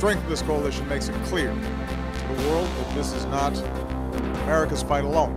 strength of this coalition makes it clear to the world that this is not America's fight alone.